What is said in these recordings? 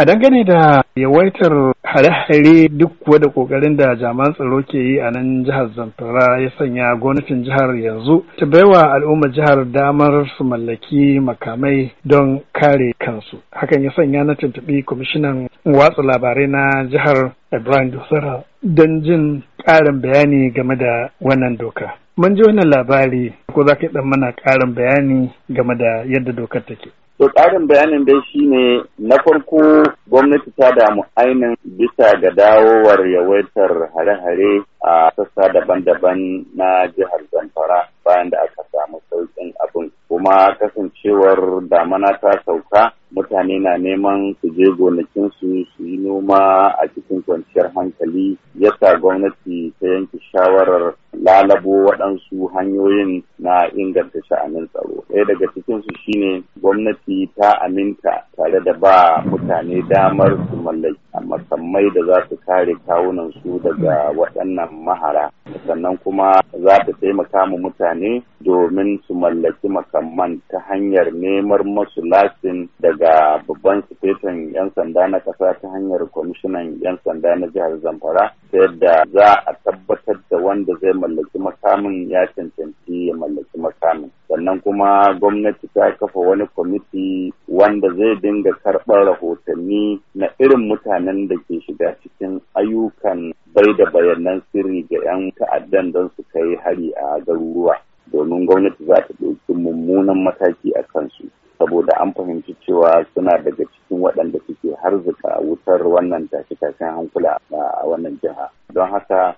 A dangane da yawaitar hare-hare duk kuwa da kokarin da jami'an tsaro ke yi a nan jihar Zamfara ya sanya gwamnatin jihar yanzu ta baiwa al'ummar jihar damar su mallaki makamai don kare kansu. Hakan ya sanya na tuntuɓi kwamishinan watsa labarai na jihar Ibrahim Dusara don jin ƙarin bayani game da wannan doka. Mun ji wannan labari ko za ka yi mana ƙarin bayani game da yadda dokar take. To tsarin bayanin dai shi ne na farko gwamnati ta damu ainin bisa ga dawowar yawaitar hare-hare a sassa daban-daban na jihar Zamfara bayan da aka samu sauƙin abin. Kuma kasancewar damana ta sauka mutane na neman su je gonakinsu su yi noma a cikin kwanciyar hankali yasa gwamnati ta yanke shawarar lalabo waɗansu hanyoyin na inganta sha'anin tsaro. Ɗaya daga cikinsu shine gwamnati ta aminta tare da ba mutane damar su mallaki masammai da za su kare kawunan su daga waɗannan mahara. Sannan kuma za ta taimaka mu mutane domin su mallaki makamman ta hanyar nemar masu lasin daga babban sufetan 'yan sanda na ƙasa ta hanyar kwamishinan 'yan sanda na jihar Zamfara ta yadda za a tabbatar wanda zai mallaki makamin ya cancanci ya mallaki makamin sannan kuma gwamnati ta kafa wani kwamiti wanda zai dinga karɓar rahotanni na irin mutanen da ke shiga cikin ayyukan bai da bayanan sirri ga 'yan ta'addan don su kai hari a garuruwa domin gwamnati za ta ɗauki mummunan mataki a kansu saboda an fahimci cewa suna daga cikin waɗanda suke harzuka wutar wannan tashi tashen hankula a wannan jiha don haka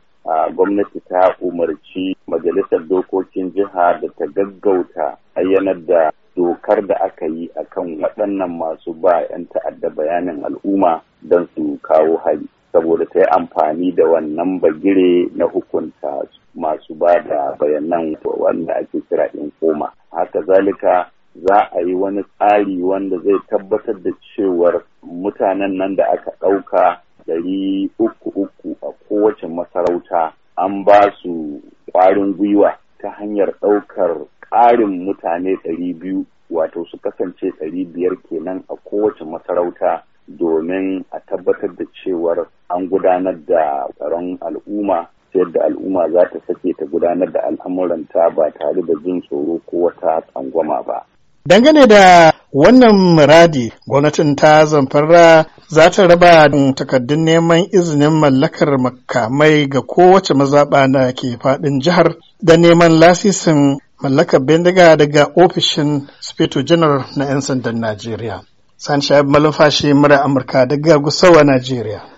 gwamnati ta umarci majalisar dokokin jiha da ta gaggauta ayyanar da dokar da aka yi a kan waɗannan masu ba 'yan ta'adda bayanin al'umma don su kawo hari saboda ta yi amfani da wannan bagire na hukunta masu ba da bayanan wanda ake kira koma. haka zalika za a yi wani tsari wanda zai tabbatar da cewar mutanen nan da aka ɗauka ɗari uku kowace masarauta an ba su ƙwarin gwiwa ta hanyar ɗaukar ƙarin mutane ɗari biyu wato su kasance ɗari biyar kenan a kowace masarauta domin a tabbatar da cewar an gudanar da tsaron al'umma yadda al'umma za ta sake ta gudanar da al'amuranta ba tare da jin tsoro ko wata tsangwama ba. Dangane da wannan muradi gwamnatin ta zamfara za ta raba takardun neman izinin mallakar makamai ga kowace mazaɓa da ke faɗin jihar da neman lasisin mallakar bindiga daga ofishin speto general na 'yan sandan najeriya san shayar malumfashi mura amurka daga gusawa najeriya